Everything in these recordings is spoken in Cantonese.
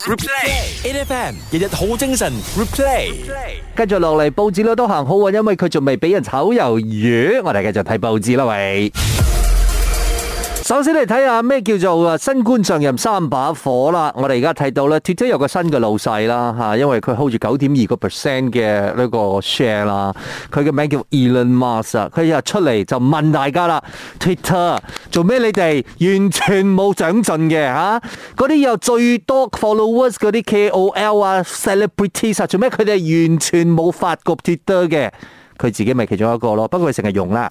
Replay，A F M 日日好精神。Replay，跟住落嚟報紙咧都行好運，因為佢仲未俾人炒魷魚。我哋繼續睇報紙啦，喂。首先嚟睇下咩叫做啊新官上任三把火啦！我哋而家睇到咧，Twitter 有個新嘅老細啦，吓，因為佢 hold 住九點二個 percent 嘅呢個 share 啦。佢嘅名叫 e l o n m a k s 佢又出嚟就問大家啦：Twitter 做咩你哋完全冇掌進嘅？吓，嗰啲又最多 followers 嗰啲 KOL 啊、celebrity 啊，做咩佢哋完全冇發個 Twitter 嘅？佢自己咪其中一個咯，不過佢成日用啦。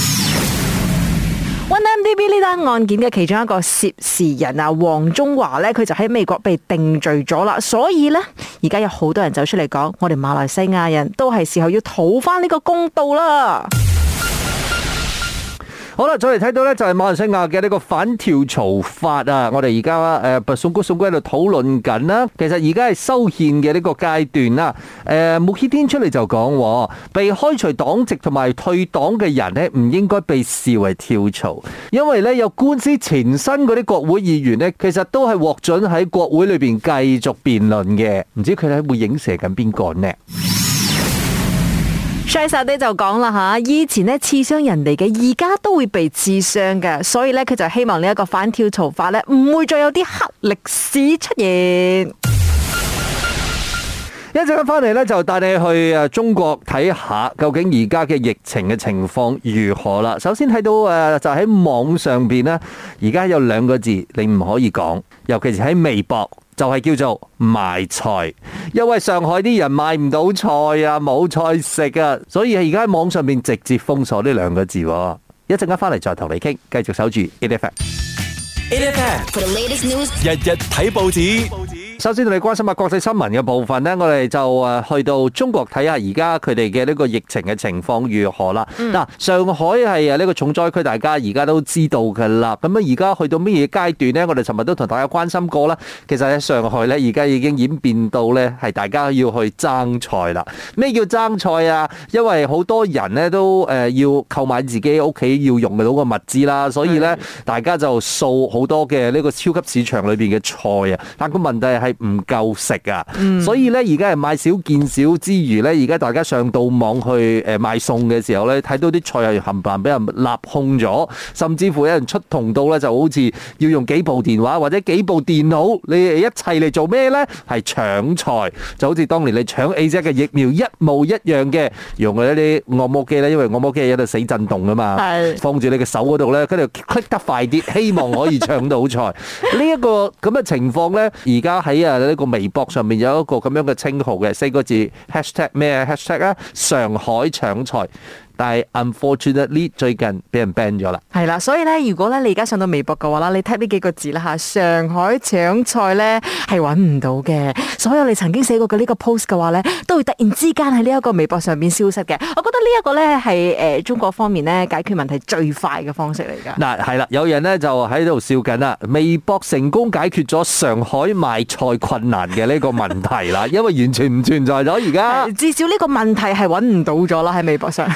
案件嘅其中一個涉事人啊，黃中華咧，佢就喺美國被定罪咗啦，所以呢，而家有好多人走出嚟講，我哋馬來西亞人都係時候要討翻呢個公道啦。好啦，再嚟睇到呢，就係馬來西亞嘅呢個反跳槽法啊，我哋而家誒宋姑宋姑喺度討論緊啦。其實而家係修憲嘅呢個階段啦。誒、呃，穆希丁出嚟就講，哦，被開除黨籍同埋退黨嘅人呢，唔應該被視為跳槽，因為呢，有官司纏身嗰啲國會議員呢，其實都係獲准喺國會裏邊繼續辯論嘅。唔知佢哋會影射緊邊個呢？Shay 莎呢就講啦吓，以前咧刺傷人哋嘅，而家都會被刺傷嘅，所以咧佢就希望呢一個反跳槽法咧，唔會再有啲黑歷史出現。一陣間翻嚟咧，就帶你去啊中國睇下究竟而家嘅疫情嘅情況如何啦。首先睇到誒，就喺網上邊呢，而家有兩個字你唔可以講，尤其是喺微博。就係叫做賣菜，因為上海啲人買唔到菜啊，冇菜食啊，所以而家喺網上面直接封鎖呢兩個字。一陣間翻嚟再同你傾，繼續守住 itfact，itfact，日日睇報紙。首先你關心下國際新聞嘅部分咧，我哋就誒去到中國睇下而家佢哋嘅呢個疫情嘅情況如何啦。嗱，上海係啊呢個重災區，大家而家都知道噶啦。咁啊，而家去到咩嘢階段咧？我哋尋日都同大家關心過啦。其實喺上海咧，而家已經演變到咧係大家要去爭菜啦。咩叫爭菜啊？因為好多人咧都誒要購買自己屋企要用到個物資啦，所以咧大家就掃好多嘅呢個超級市場裏邊嘅菜啊。但個問題係。唔夠食啊！所以咧，而家係買少見少之餘咧，而家大家上到網去誒買餸嘅時候咧，睇到啲菜係冚唪唥俾人立控咗，甚至乎有人出同道咧，就好似要用幾部電話或者幾部電腦，你一齊嚟做咩咧？係搶菜，就好似當年你搶 AZ 嘅疫苗，一模一樣嘅，用嗰啲按摩機咧，因為按摩機係喺度死震動啊嘛，放住你嘅手嗰度咧，佢就 click 得快啲，希望可以搶到菜。呢一個咁嘅情況咧，而家喺呢、啊這個微博上面有一個咁樣嘅稱號嘅四個字 hashtag 咩 hashtag has 啊上海搶菜。但係 unfortunately 最近俾人 ban 咗啦，係啦，所以咧，如果咧你而家上到微博嘅話啦，你 type 呢幾個字啦吓，上海搶菜咧係揾唔到嘅，所有你曾經寫過嘅呢個 post 嘅話咧，都會突然之間喺呢一個微博上面消失嘅。我覺得呢一個咧係誒中國方面咧解決問題最快嘅方式嚟噶。嗱係啦，有人咧就喺度笑緊啦，微博成功解決咗上海買菜困難嘅呢個問題啦， 因為完全唔存在咗而家。至少呢個問題係揾唔到咗啦喺微博上。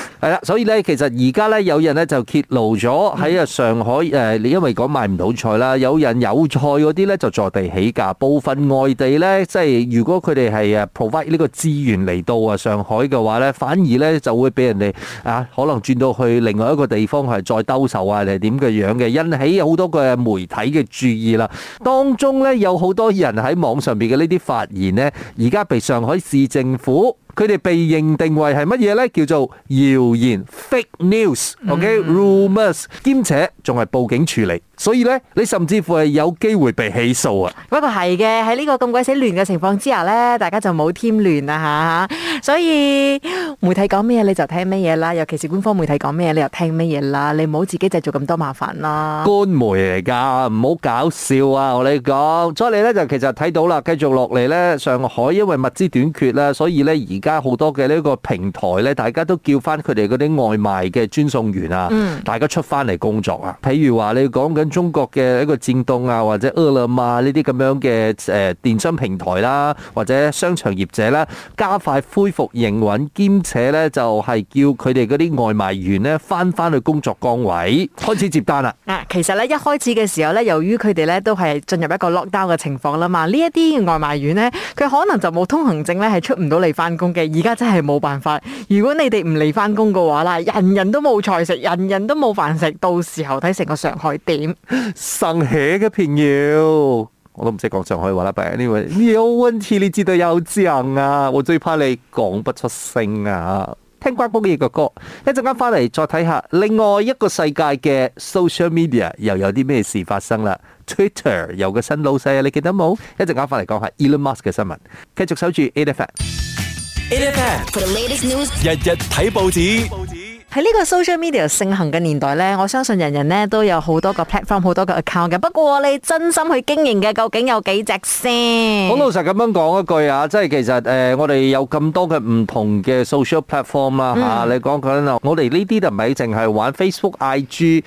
所以咧，其實而家咧，有人咧就揭露咗喺啊上海你因為講買唔到菜啦，有人有菜嗰啲咧就坐地起價，部分外地咧即係如果佢哋係 provide 呢個資源嚟到啊上海嘅話咧，反而咧就會俾人哋啊可能轉到去另外一個地方係再兜售啊定係點嘅樣嘅，引起好多嘅媒體嘅注意啦。當中咧有好多人喺網上邊嘅呢啲發言呢，而家被上海市政府。佢哋被認定為係乜嘢呢？叫做謠言、mm. （fake news），OK？rumors，okay？兼且仲係報警處理。所以咧，你甚至乎係有機會被起訴啊！不過係嘅，喺呢個咁鬼死亂嘅情況之下咧，大家就冇添亂啦吓。所以媒體講咩你就聽咩嘢啦，尤其是官方媒體講咩你又聽咩嘢啦，你唔好自己製造咁多麻煩啦。官媒嚟噶，唔好搞笑啊！我你講，所以你咧就其實睇到啦，繼續落嚟咧，上海因為物資短缺啦，所以咧而家好多嘅呢個平台咧，大家都叫翻佢哋嗰啲外賣嘅專送員啊，嗯，大家出翻嚟工作啊。譬如話你講嘅。中國嘅一個戰動啊，或者餓了麼啊呢啲咁樣嘅誒電商平台啦，或者商場業者啦，加快恢復營運，兼且咧就係叫佢哋嗰啲外賣員咧翻翻去工作崗位，開始接單啦。嗱，其實咧一開始嘅時候咧，由於佢哋咧都係進入一個 lockdown 嘅情況啦嘛，呢一啲外賣員咧，佢可能就冇通行證咧，係出唔到嚟翻工嘅。而家真係冇辦法，如果你哋唔嚟翻工嘅話啦，人人都冇菜食，人人都冇飯食，到時候睇成個上海點。神起嘅朋友，我都唔識講上海話啦，呢位，你有問題，你知道有獎啊，我最怕你講不出聲啊。聽關公嘅嘅歌，一陣間翻嚟再睇下另外一個世界嘅 social media 又有啲咩事發生啦。Twitter 有個新老細啊，你記得冇？回來一陣間翻嚟講下 Elon Musk 嘅新聞，繼續守住 ATF，ATF，for the latest news 日日睇報紙。喺呢個 social media 盛行嘅年代咧，我相信人人咧都有好多個 platform、好多個 account 嘅。不過你真心去經營嘅究竟有幾隻先？好老實咁樣講一句啊，即係其實誒，嗯、說說我哋有咁多嘅唔同嘅 social platform 啦嚇。你講緊我哋呢啲就唔係淨係玩 Facebook、IG，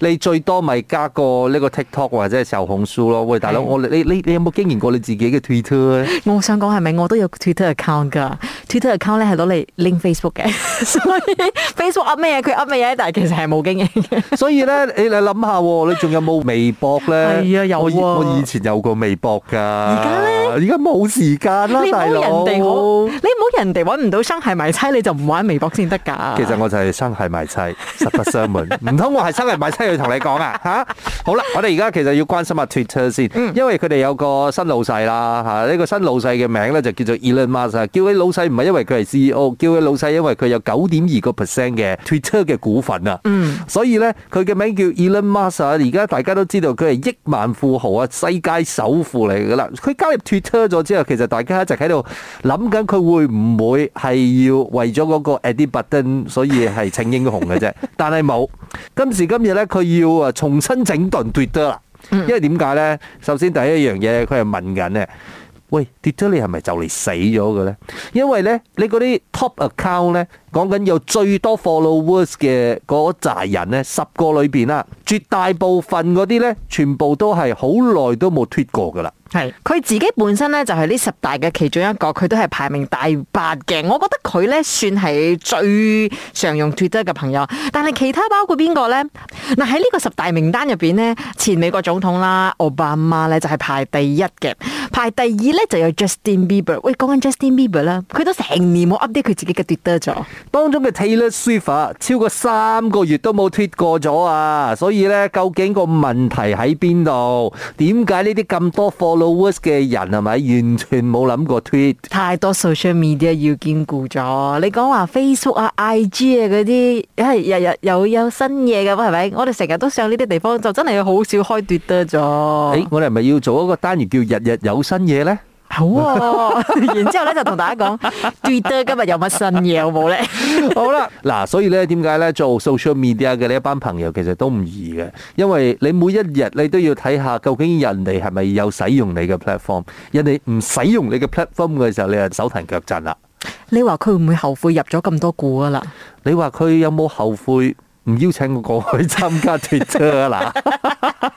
你最多咪加個呢個 TikTok 或者係小紅書咯。喂，大佬，我的你你你有冇經營過你自己嘅 Twitter 咧？我想講係咪我都有 Twitter account 噶 t w i t t e r account 咧係攞嚟 link Facebook 嘅，的 所以 Facebook。噏咩嘢？佢噏咩嘢？但係其實係冇經營嘅。所以咧，你你諗下喎，你仲有冇微博咧？係啊，有喎。我以前有個微博㗎。而家咧，而家冇時間啦，大佬。你唔好人哋好，你唔好人哋揾唔到生係埋妻，你就唔玩微博先得㗎。其實我就係生係埋妻，實不相瞞。唔通我係生係埋妻去同你講啊？嚇！好啦，我哋而家其實要關心下 Twitter 先，因為佢哋有個新老細啦嚇。呢個新老細嘅名咧就叫做 Elon Musk，叫佢老細唔係因為佢係 CEO，叫佢老細因為佢有九點二個 percent 嘅。Twitter 嘅股份啊，所以咧佢嘅名叫 Elon Musk 啊，而家大家都知道佢係億萬富豪啊，世界首富嚟噶啦。佢加入 Twitter 咗之後，其實大家一直喺度諗緊佢會唔會係要為咗嗰個 Edit Button，所以係稱英雄嘅啫。但係冇今時今日咧，佢要啊重新整頓 Twitter 啦。因為點解咧？首先第一樣嘢，佢係問緊嘅，喂，Twitter 你係咪就嚟死咗嘅咧？因為咧，你嗰啲 Top Account 咧。講緊有最多 followers 嘅嗰扎人呢，十個裏邊啦，絕大部分嗰啲呢，全部都係好耐都冇脫過噶啦。係佢自己本身呢，就係呢十大嘅其中一個，佢都係排名第八嘅。我覺得佢呢，算係最常用 Twitter 嘅朋友。但係其他包括邊個呢？嗱，喺呢個十大名單入邊呢，前美國總統啦，奧巴馬呢，就係排第一嘅，排第二呢，就有 Justin Bieber。喂，講緊 Justin Bieber 啦，佢都成年冇 update 佢自己嘅 Twitter 咗。當中嘅 Taylor Swift 超過三個月都冇 tweet 過咗啊！所以呢，究竟個問題喺邊度？點解呢啲咁多 followers 嘅人，係咪完全冇諗過 tweet？太多 social media 要兼顧咗。你講話 Facebook 啊、IG 啊嗰啲，日日有有新嘢嘅嘛係咪？我哋成日都上呢啲地方，就真係好少開 tweet 得咗。誒，我哋係咪要做一個單元叫日日有新嘢呢？好，然之後咧就同大家講，Twitter 今日有乜新嘢好冇咧？好啦，嗱，所以咧點解咧做 social media 嘅呢一班朋友其實都唔易嘅，因為你每一日你都要睇下究竟人哋係咪有使用你嘅 platform，人哋唔使用你嘅 platform 嘅時候，你就手騰腳震啦。你話佢會唔會後悔入咗咁多股啊啦？你話佢有冇後悔唔邀請我過去參加 Twitter 啦？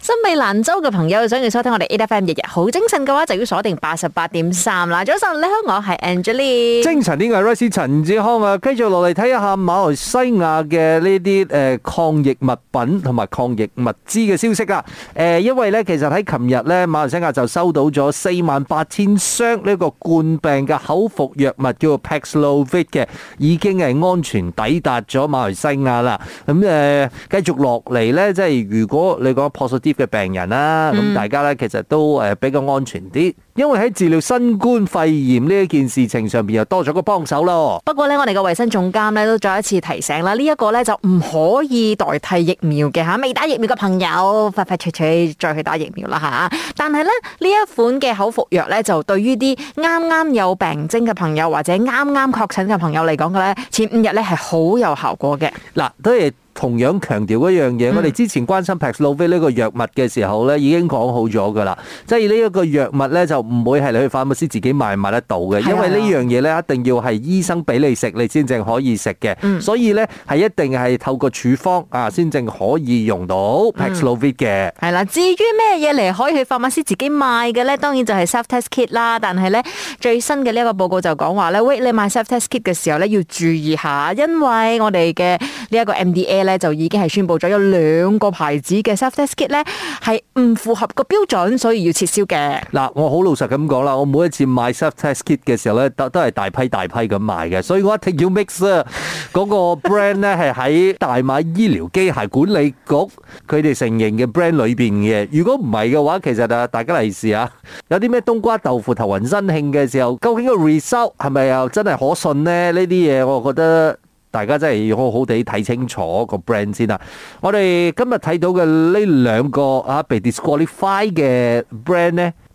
身美蘭州嘅朋友，想要收聽我哋 A. F. M. 日日好精神嘅話，就要鎖定八十八點三啦。早晨你好，我係 Angelina 精神啲嘅 Ricky 陳志康啊，繼續落嚟，睇一下來看看馬來西亞嘅呢啲誒抗疫物品同埋抗疫物資嘅消息啊。誒，因為咧，其實喺琴日咧，馬來西亞就收到咗四萬八千箱呢個冠病嘅口服藥物，叫做 Paxlovid 嘅，已經係安全抵達咗馬來西亞啦。咁誒，繼續落嚟咧，即係如果你講嘅病人啦，咁大家咧，其實都誒比較安全啲。因為喺治療新冠肺炎呢一件事情上面，又多咗個幫手啦。不過呢，我哋嘅衛生總監呢都再一次提醒啦，呢、這、一個呢，就唔可以代替疫苗嘅吓、啊，未打疫苗嘅朋友快快脆脆再去打疫苗啦吓、啊。但係呢，呢一款嘅口服藥呢，就對於啲啱啱有病徵嘅朋友或者啱啱確診嘅朋友嚟講嘅呢前五日呢係好有效果嘅。嗱，都係同樣強調的一樣嘢，嗯、我哋之前關心 Paxlovid 呢個藥物嘅時候呢，已經講好咗噶啦，即係呢一個藥物呢，就。唔會係你去法馬斯自己買買得到嘅，因為呢樣嘢咧，一定要係醫生俾你食，你先正可以食嘅。嗯、所以咧，係一定係透過處方啊，先正可以用到 Paxlovid 嘅。係啦、嗯，至於咩嘢嚟可以去法馬斯自己買嘅咧，當然就係 self test kit 啦。但係咧，最新嘅呢一個報告就講話咧，喂，你買 self test kit 嘅時候咧，要注意一下，因為我哋嘅呢一個 MDA 咧就已經係宣布咗有兩個牌子嘅 self test kit 咧係唔符合個標準，所以要撤銷嘅。嗱，我好老實咁講啦，我每一次買 self-test kit 嘅時候咧，都都係大批大批咁買嘅，所以我一睇 Umix 嗰個 brand 咧，係喺大馬醫療機械管理局佢哋承認嘅 brand 裏邊嘅。如果唔係嘅話，其實啊，大家留意下，有啲咩冬瓜豆腐頭暈身興嘅時候，究竟個 result 係咪又真係可信咧？呢啲嘢我覺得大家真係要好好地睇清楚個 brand 先啦。我哋今日睇到嘅呢兩個啊，被 disqualified 嘅 brand 咧。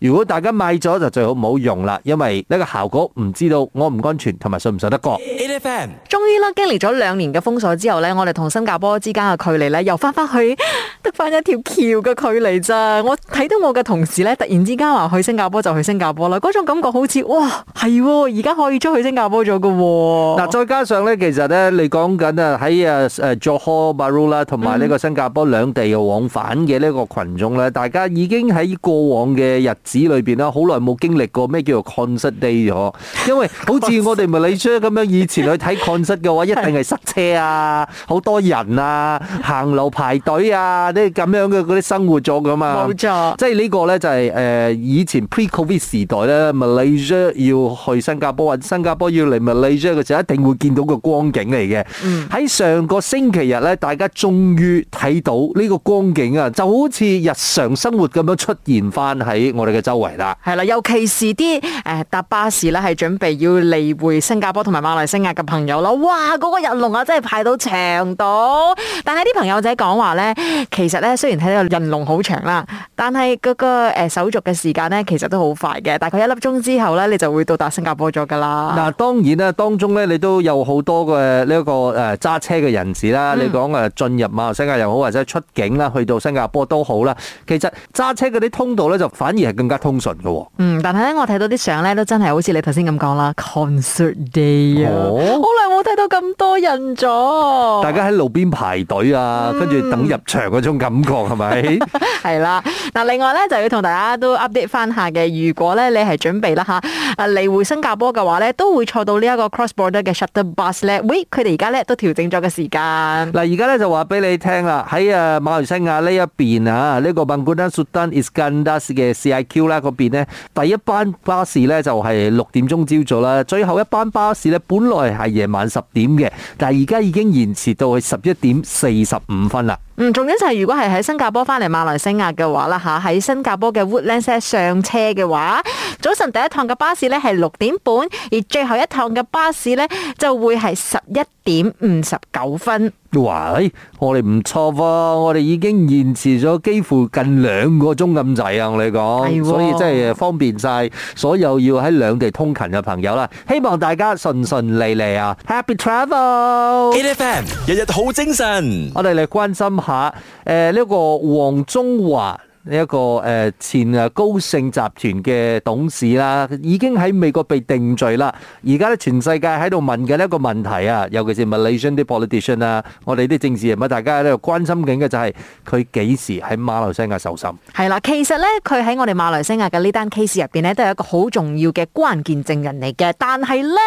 如果大家買咗就最好唔好用啦，因為呢個效果唔知道，安唔安全同埋信唔信得過。終於啦，經歷咗兩年嘅封鎖之後呢，我哋同新加坡之間嘅距離呢又翻翻去得翻一條橋嘅距離咋？我睇到我嘅同事呢突然之間話去新加坡就去新加坡啦，嗰種感覺好似哇，係喎，而家可以出去新加坡咗㗎喎。嗱，再加上呢，其實呢，你講緊啊喺啊誒 Johor Bahru 啦，同埋呢個新加坡兩地嘅往返嘅呢個群眾呢，嗯、大家已經喺過往嘅日，市裏邊啦，好耐冇經歷過咩叫做 congested 咗，因為好似我哋馬來西亞咁樣，以前去睇 concert 嘅話，一定係塞車啊，好多人啊，行路排隊啊，啲咁樣嘅嗰啲生活咗㗎嘛，冇錯，即係呢個呢就係誒以前 pre-COVID 時代呢，馬來西亞要去新加坡或者新加坡要嚟馬來西亞嘅時候，一定會見到個光景嚟嘅。嗯，喺上個星期日呢，大家終於睇到呢個光景啊，就好似日常生活咁樣出現返喺我哋嘅。周圍啦，係啦，尤其是啲誒、呃、搭巴士咧，係準備要嚟回新加坡同埋馬來西亞嘅朋友啦，哇！嗰、嗰個人龍啊，真係排到長到，但係啲朋友仔講話咧，其實咧雖然喺度人龍好長啦，但係、嗰個個、呃、手續嘅時間咧，其實都好快嘅，大概一粒鐘之後咧，你就會到達新加坡咗㗎啦。嗱，當然啦，當中咧你都有好多嘅呢一個誒揸車嘅人士啦，嗯、你講誒進入馬來西亞又好，或者出境啦去到新加坡都好啦，其實揸車嗰啲通道咧就反而係更更加通順嘅喎，嗯，但係咧，我睇到啲相咧都真係好似你頭先咁講啦，concert day 啊，好耐冇睇到咁多人咗，大家喺路邊排隊啊，嗯、跟住等入場嗰種感覺係咪？係 吧 啦，嗱，另外咧就要同大家都 update 翻下嘅，如果咧你係準備啦嚇，啊嚟回新加坡嘅話咧，都會坐到呢一個 cross border 嘅 shuttle bus 咧，喂，佢哋而家咧都調整咗個時間，嗱，而家咧就話俾你聽啦，喺啊馬來西亞呢一邊啊，呢、呢個 Bangunan Sultan Iskandar 嘅 C I Q。邊咧第一班巴士咧就係六點鐘朝早啦，最後一班巴士咧本來係夜晚十點嘅，但係而家已經延遲到去十一點四十五分啦。嗯，重點就係，如果係喺新加坡翻嚟馬來西亞嘅話啦吓，喺新加坡嘅 Woodlands 上車嘅話，早晨第一趟嘅巴士咧係六點半，而最後一趟嘅巴士咧就會係十一點五十九分。喂，我哋唔錯喎，我哋已經延遲咗幾乎近兩個鐘咁滯啊！我哋講，所以真係方便晒所有要喺兩地通勤嘅朋友啦。希望大家順順利利啊！Happy travel！ATFM 日日好精神，我哋嚟關心。下，誒，呢個黃中華。呢一個誒前誒高盛集團嘅董事啦，已經喺美國被定罪啦。而家咧全世界喺度問嘅一個問題啊，尤其是 Malaysian 啲 politician 啊，我哋啲政治人物，大家喺度關心緊嘅就係佢幾時喺馬來西亞受審。係啦，其實咧佢喺我哋馬來西亞嘅呢單 case 入邊咧，都係一個好重要嘅關鍵證人嚟嘅。但係咧，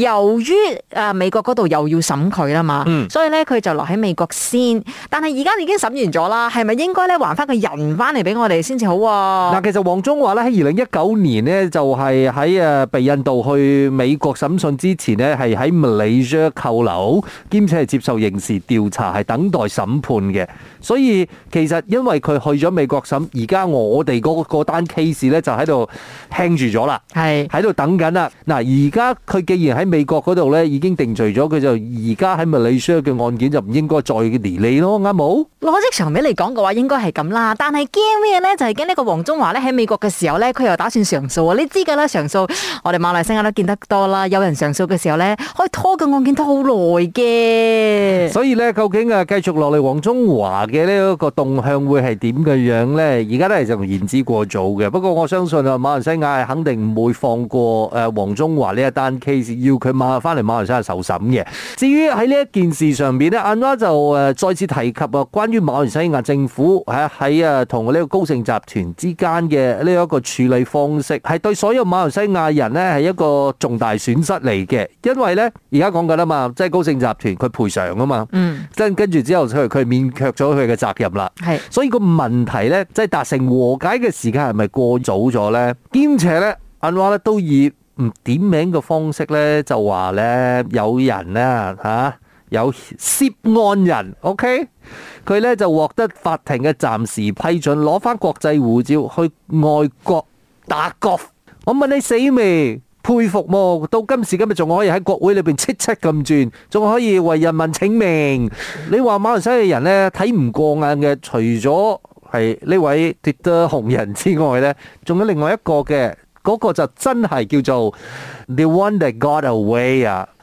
由於誒美國嗰度又要審佢啦嘛，嗯，所以咧佢就留喺美國先。但係而家已經審完咗啦，係咪應該咧還翻個人翻？翻嚟俾我哋先至好喎，啊。嗱，其實黃宗話咧，喺二零一九年呢，就係喺誒被印度去美國審訊之前呢，係喺物理 l a y 扣留，兼且係接受刑事調查，係等待審判嘅。所以其實因為佢去咗美國審，而家我哋嗰個單 case 咧就喺度輕住咗啦，係喺度等緊啦。嗱是，而家佢既然喺美國嗰度咧已經定罪咗，佢就而家喺物理 l 嘅案件就唔應該再連理咯，啱冇？攞職場面嚟講嘅話，應該係咁啦，但係。驚咩呢就係驚呢個黃忠華咧喺美國嘅時候咧，佢又打算上訴啊！你知㗎啦，上訴我哋馬來西亞都見得多啦。有人上訴嘅時候咧，可以拖個案件都好耐嘅。所以咧，究竟啊，繼續落嚟黃忠華嘅呢一個動向會係點嘅樣咧？而家咧就言之過早嘅。不過我相信啊，馬來西亞係肯定唔會放過誒黃忠華呢一單 case，要佢馬翻嚟馬來西亞受審嘅。至於喺呢一件事上邊呢，阿媽就誒再次提及啊，關於馬來西亞政府喺喺誒同呢個高盛集團之間嘅呢一個處理方式，係對所有馬來西亞人呢係一個重大損失嚟嘅，因為呢，而家講緊啦嘛，即係高盛集團佢賠償啊嘛，嗯，跟住之後佢佢免卻咗佢嘅責任啦，係，所以個問題呢，即係達成和解嘅時間係咪過早咗呢？兼且呢，銀華呢都以唔點名嘅方式呢，就話呢有人呢、啊。嚇、啊。有涉案人，OK，佢咧就獲得法庭嘅暫時批准，攞翻國際護照去外國打 golf。我問你死未？佩服喎，到今時今日仲可以喺國會裏面戚戚咁轉，仲可以為人民請命。你話馬來西亞人呢睇唔過眼嘅，除咗係呢位跌得紅人之外呢，仲有另外一個嘅，嗰、那個就真係叫做 The One That Got Away 啊！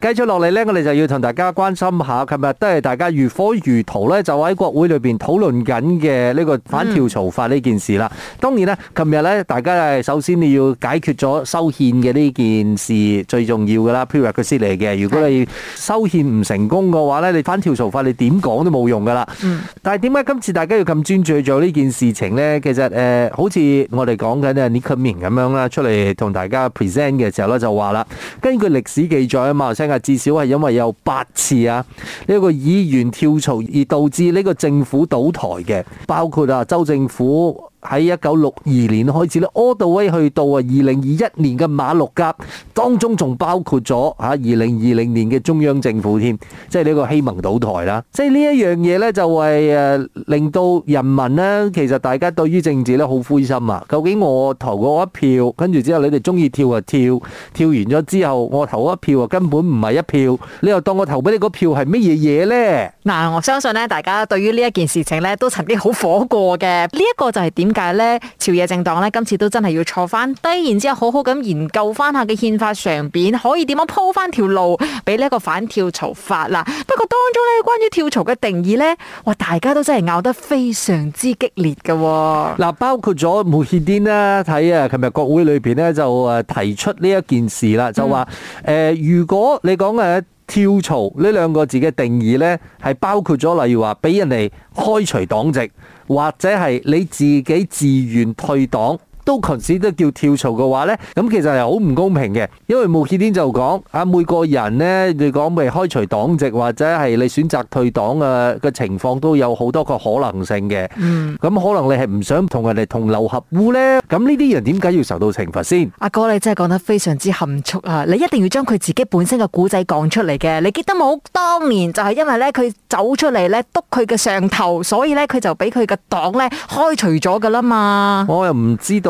繼續落嚟呢，我哋就要同大家關心下，琴日都係大家如火如荼呢，就喺國會裏邊討論緊嘅呢個反跳槽法呢件事啦。當然啦，琴日呢，大家係首先你要解決咗修憲嘅呢件事最重要噶啦譬如話佢先嚟嘅。如果你修憲唔成功嘅話呢，你反跳槽法你點講都冇用噶啦。但係點解今次大家要咁專注去做呢件事情呢？其實誒，好似我哋講緊呢 Nikman 咁樣啦，出嚟同大家 present 嘅時候呢，就話啦，根據歷史記載啊嘛，至少係因為有八次啊，呢個議員跳槽而導致呢個政府倒台嘅，包括啊州政府。喺一九六二年開始咧，厄道威去到啊二零二一年嘅馬六甲，當中仲包括咗嚇二零二零年嘅中央政府添，即係呢個希盟倒台啦。即係呢一樣嘢呢，就係令到人民呢，其實大家對於政治呢好灰心啊。究竟我投嗰一票，跟住之後你哋中意跳就跳，跳完咗之後我投一票啊，根本唔係一票。你又當我投俾你嗰票係乜嘢嘢呢？嗱，我相信呢，大家對於呢一件事情呢，都曾經好火過嘅。呢一個就係點？點解咧？朝野政黨咧，今次都真係要坐翻低，然之後好好咁研究翻下嘅憲法上邊，可以點樣鋪翻條路俾呢一個反跳槽法啦。不過當中咧，關於跳槽嘅定義咧，哇，大家都真係拗得非常之激烈噶、哦。嗱，包括咗穆罕丁啦，睇啊，琴日國會裏邊咧就誒提出呢一件事啦，就話誒、嗯呃，如果你講誒跳槽呢兩個字嘅定義咧，係包括咗例如話俾人哋開除黨籍。或者係你自己自願退黨，都隨時都叫跳槽嘅話咧，咁其實係好唔公平嘅，因為穆斯丁就講啊，每個人咧，你講未開除黨籍或者係你選擇退黨啊嘅情況都有好多個可能性嘅。嗯，咁可能你係唔想同人哋同流合污咧，咁呢啲人點解要受到懲罰先？阿哥你真係講得非常之含蓄啊！你一定要將佢自己本身嘅古仔講出嚟嘅。你記得冇當年就係因為咧佢走出嚟咧督佢嘅上頭，所以咧佢就俾佢嘅黨咧開除咗噶啦嘛。我又唔知道。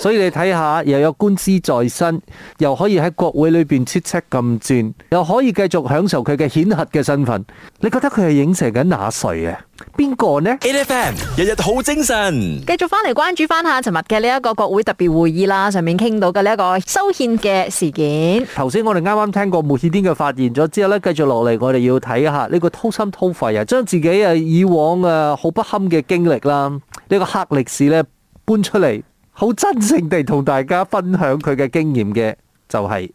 所以你睇下，又有官司在身，又可以喺國會裏邊出車咁轉，又可以繼續享受佢嘅顯赫嘅身份。你覺得佢係影射緊哪誰啊？邊個呢？N F M 日日好精神，繼續翻嚟關注翻下尋日嘅呢一個國會特別會議啦，上面傾到嘅呢一個修憲嘅事件。頭先我哋啱啱聽過穆斯丁嘅發言咗之後呢，繼續落嚟我哋要睇下呢個掏心掏肺啊，將自己啊以往啊好不堪嘅經歷啦，呢、這個黑歷史呢，搬出嚟，好真誠地同大家分享佢嘅經驗嘅就係、是。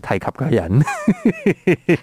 提及嘅人，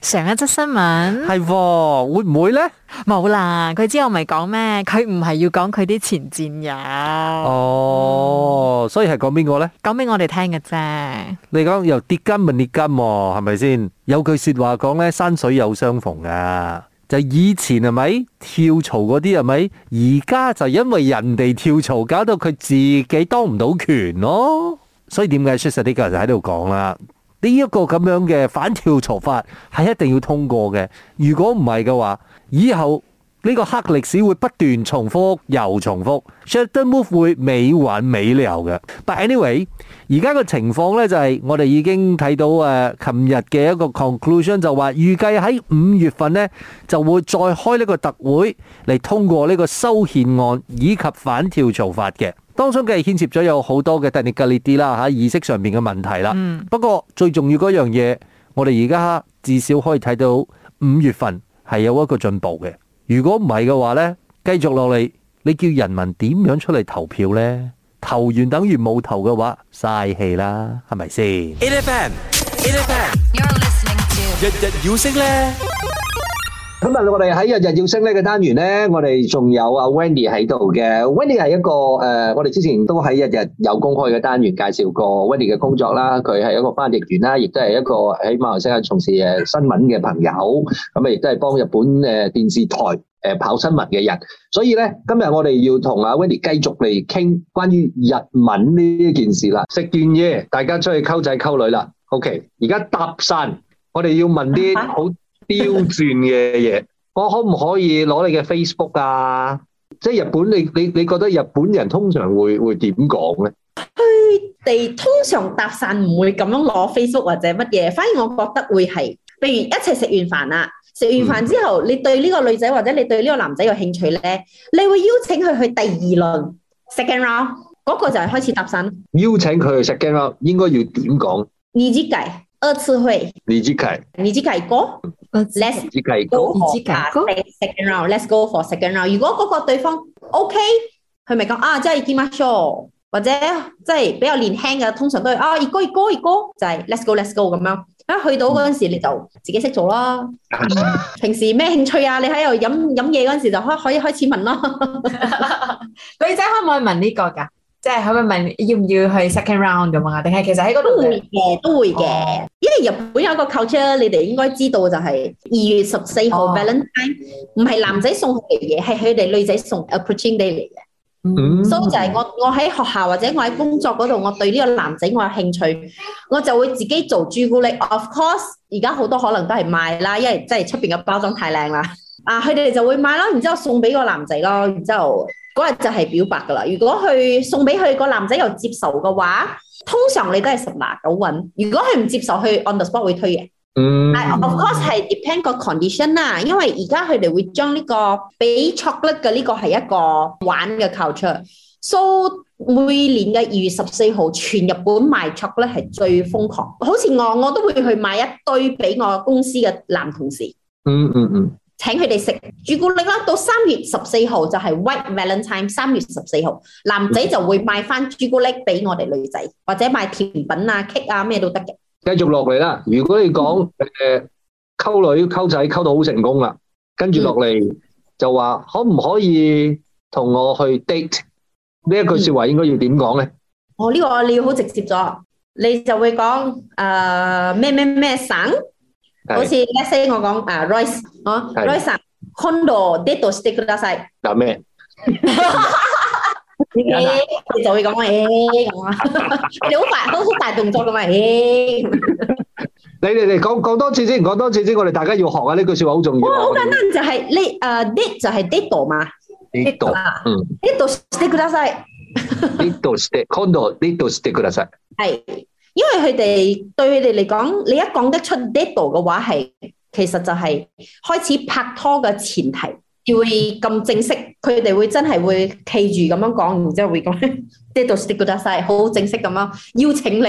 上一則新聞係會唔會呢？冇啦，佢知我咪講咩？佢唔係要講佢啲前戰友。哦，所以係講邊個呢？講俾我哋聽嘅啫。你講又跌金咪跌金喎？係咪先？有句說話講呢，山水有相逢啊！就以前係咪跳槽嗰啲係咪？而家就因為人哋跳槽，搞到佢自己當唔到權咯。所以點解？出實啲，呢個人就喺度講啦。呢一個咁樣嘅反跳槽法係一定要通過嘅，如果唔係嘅話，以後呢個黑歷史會不斷重複又重複 Shutter Move 會美揾美流嘅。But anyway，而家嘅情況呢，就係我哋已經睇到誒，琴日嘅一個 conclusion 就話預計喺五月份呢，就會再開呢個特會嚟通過呢個修憲案以及反跳槽法嘅。當中梗係牽涉咗有好多嘅，特列格列啲啦吓，意識上面嘅問題啦。嗯、不過最重要嗰樣嘢，我哋而家至少可以睇到五月份係有一個進步嘅。如果唔係嘅話咧，繼續落嚟，你叫人民點樣出嚟投票咧？投完等於冇投嘅話，嘥氣啦，係咪先 e l e b n h e a n you're listening to 日日要升咧。You, you 今日我哋喺日日要升呢個單元咧，我哋仲有阿 Wendy 喺度嘅。Wendy 係一個誒，我哋之前都喺日日有公開嘅單元介紹過 Wendy 嘅工作啦。佢係一個翻譯員啦，亦都係一個喺馬來西亞從事誒新聞嘅朋友。咁啊，亦都係幫日本誒電視台誒跑新聞嘅人。所以咧，今日我哋要同阿 Wendy 繼續嚟傾關於日文呢一件事啦。食完嘢，大家出去溝仔溝女啦。OK，而家搭訕，我哋要問啲好。標轉嘅嘢，我可唔可以攞你嘅 Facebook 啊？即係日本，你你你覺得日本人通常會會點講咧？佢哋通常搭訕唔會咁樣攞 Facebook 或者乜嘢，反而我覺得會係，譬如一齊食完飯啦，食完飯之後，嗯、你對呢個女仔或者你對呢個男仔有興趣咧，你會邀請佢去第二輪 second round，嗰個就係開始搭訕。邀請佢去 second round 應該要點講？二次會，二次會，二次會嗰？Let's go for second round. Let's go for the second round. 如果嗰個對方 OK，佢咪講啊，即係已經 much show，或者即係、就是、比較年輕嘅，通常都係啊，越哥、越哥、越哥，就係 Let's go, Let's go 咁樣。啊，一個一個一個就是、go，去到嗰陣時你就自己識做啦。 平時咩興趣啊？你喺度飲飲嘢嗰陣時就可可以開始問咯。 女仔可唔可以問呢個噶？即係可唔可以問要唔要去 second round 咁啊？定係其實喺嗰度都會嘅，因為日本有個 culture，、哦、你哋應該知道就係二月十四號、哦、Valentine，唔係男仔送嘅嘢，係佢哋女仔送 approaching day 嚟嘅。嗯，嗯所以就係我我喺學校或者我喺工作嗰度，我對呢個男仔我有興趣，我就會自己做朱古力。Of course，而家好多可能都係賣啦，因為即係出邊嘅包裝太靚啦。啊！佢哋就會買咯，然之後送俾個男仔咯。然之後嗰日就係表白噶啦。如果佢送俾佢個男仔又接受嘅話，通常你都係十拿九穩。如果佢唔接受，去 on the spot 會推嘅。嗯。But of course 係 depend 個 condition 啦，因為而家佢哋會將呢個俾 chocolate 嘅呢個係一個玩嘅 culture。So 每年嘅二月十四號，全日本賣 chocolate 係最瘋狂。好似我我都會去買一堆俾我公司嘅男同事。嗯嗯嗯。請佢哋食朱古力啦，到三月十四號就係 White Valentine。三月十四號男仔就會買翻朱古力俾我哋女仔，或者買甜品啊、cake 啊咩都得嘅。繼續落嚟啦，如果你講誒，溝女溝仔溝到好成功啦，跟住落嚟就話可唔可以同我去 date？呢一句説話應該要點講咧？哦，呢個你要好直接咗，你就會講誒咩咩咩省。好似，let's say 我講啊，Royce，哦，Royce，さん、今度デートしてください。做咩？你做咩？就會咁樣，咁啊，你好大，好大動作噶嘛，你你你講講多次先，講多次先，我哋大家要學啊，呢句説話好重要。好簡單，就係呢，誒，デート就係デート嘛，デート，嗯，デートしてください。デート、今度デートしてください。係。因為佢哋對佢哋嚟講，你一講得出 date 嘅話，係其實就係開始拍拖嘅前提，會咁正式，佢哋會真係會企住咁樣講，然之後會講 date stick 嗰啲晒，好正式咁樣邀請你，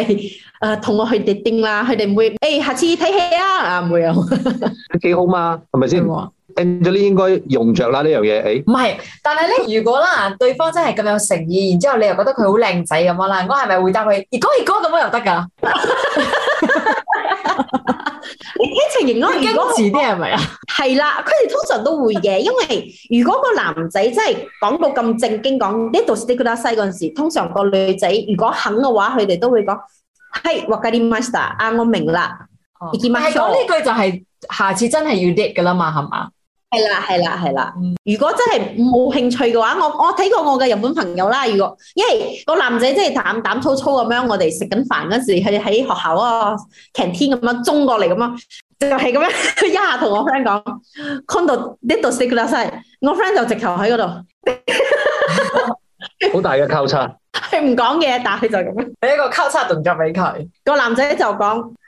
誒，同我去 dating 啦，佢哋唔會誒，下次睇戲啊，唔會啊，幾好嘛，係咪先？end 咗咧，應該用着啦呢樣嘢。誒，唔係，但係咧，如果啦，對方真係咁有誠意，然之後你又覺得佢好靚仔咁樣啦，我係咪回答佢？如果如果咁樣又得㗎？你啲情形咯，如果遲啲係咪啊？係啦，佢哋通常都會嘅，因為如果個男仔真係講到咁正經講，little stick 啦，細嗰陣時，通常個女仔如果肯嘅話，佢哋都會講係，what kind of master 啊？我明啦，你講呢句就係下次真係要 date 㗎啦嘛，係嘛？係啦，係啦，係啦。如果真係冇興趣嘅話，我我睇過我嘅日本朋友啦。如果因為個男仔真係膽膽粗粗咁樣，我哋食緊飯嗰時，佢哋喺學校啊，canteen 咁樣衝過嚟，咁樣，就係咁樣一下同我 friend 講，Condo l i t t l c i g a 我 friend 就直頭喺嗰度，好 大嘅交叉。佢唔講嘢，但係就咁樣。畀一個交叉動作畀佢。個男仔就講。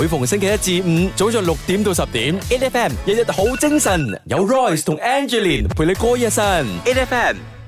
每逢星期一至五，早上六點到十點，A F M 日日好精神，有 Royce 同 Angeline 陪你過一晨，A F M。F M